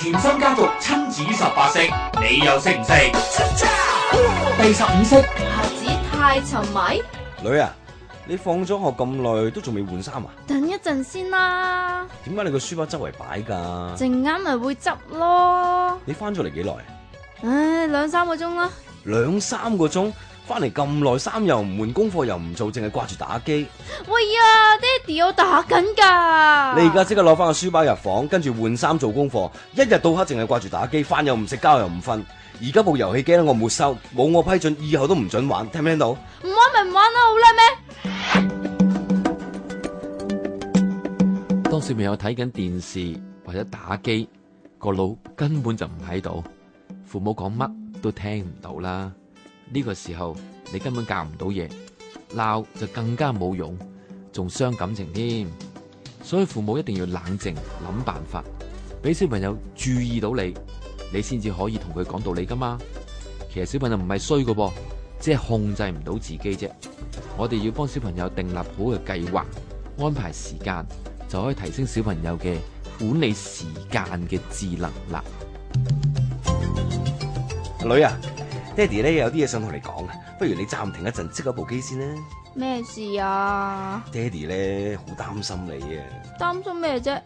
甜心家族親子十八式，你又識唔識？第十五式，孩子太沉迷。女啊，你放咗學咁耐都仲未換衫啊？等一陣先啦。點解你個書包周圍擺噶？陣間咪會執咯。你翻咗嚟幾耐啊？唉，兩三個鐘啦。兩三個鐘。翻嚟咁耐，衫又唔換，功課又唔做，淨係掛住打機。喂呀，爹哋，我打緊噶。你而家即刻攞翻個書包入房，跟住換衫做功課。一日到黑淨係掛住打機，飯又唔食，覺又唔瞓。而家部遊戲機咧，我沒收，冇我批准，以後都唔准玩。聽唔聽到？唔玩咪唔玩啦，好啦咩？當小朋友睇緊電視或者打機，個腦根本就唔喺度，父母講乜都聽唔到啦。呢個時候你根本教唔到嘢，鬧就更加冇用，仲傷感情添。所以父母一定要冷靜諗辦法，俾小朋友注意到你，你先至可以同佢講道理噶嘛。其實小朋友唔係衰嘅噃，只係控制唔到自己啫。我哋要幫小朋友訂立好嘅計劃，安排時間，就可以提升小朋友嘅管理時間嘅智能啦。女啊！爹哋呢，有啲嘢想同你講啊，不如你暫停一陣，熄咗部機先啦。咩事啊？爹哋咧好擔心你啊！擔心咩啫？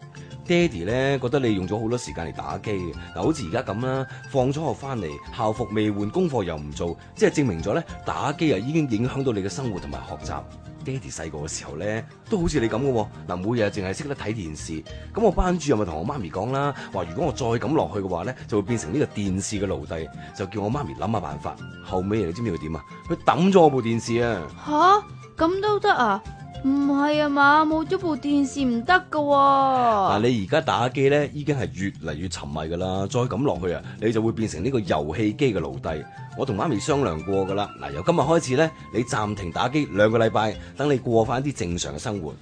爹哋咧覺得你用咗好多時間嚟打機。嗱，好似而家咁啦，放咗學翻嚟，校服未換，功課又唔做，即係證明咗咧打機啊已經影響到你嘅生活同埋學習。爹哋細個嘅時候咧都好似你咁嘅，啊，嗱，每日淨係識得睇電視。咁我班主任咪同我媽咪講啦，話如果我再咁落去嘅話咧，就會變成呢個電視嘅奴隸，就叫我媽咪諗下辦法。後尾你知唔知佢點啊？佢抌咗我部電視啊！吓，啊！咁都得啊？唔係啊嘛，冇咗部電視唔得噶喎。嗱，你而家打機咧，已經係越嚟越沉迷噶啦，再咁落去啊，你就會變成呢個遊戲機嘅奴隸。我同媽咪商量過噶啦，嗱，由今日開始咧，你暫停打機兩個禮拜，等你過翻啲正常嘅生活。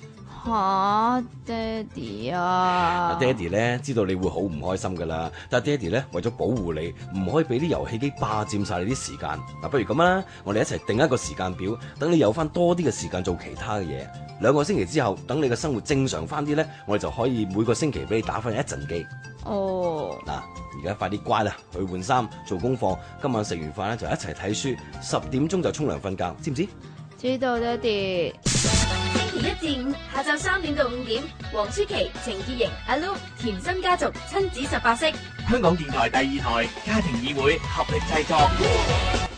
吓，爹哋啊！爹哋咧，知道你會好唔開心噶啦，但係爹哋咧，為咗保護你，唔可以俾啲遊戲機霸佔晒你啲時間。嗱，不如咁啦，我哋一齊定一個時間表，等你有翻多啲嘅時間做其他嘅嘢。兩個星期之後，等你嘅生活正常翻啲咧，我哋就可以每個星期俾你打翻一陣機。哦，嗱，而家快啲乖啦，去換衫、做功課。今晚食完飯咧，就一齊睇書，十點鐘就沖涼瞓覺，知唔知？知道，爹哋。一至五下晝三點到五點，黃舒淇、程潔瑩、阿 Lum 甜心家族、親子十八式，香港電台第二台家庭議會，合力製作。Yeah.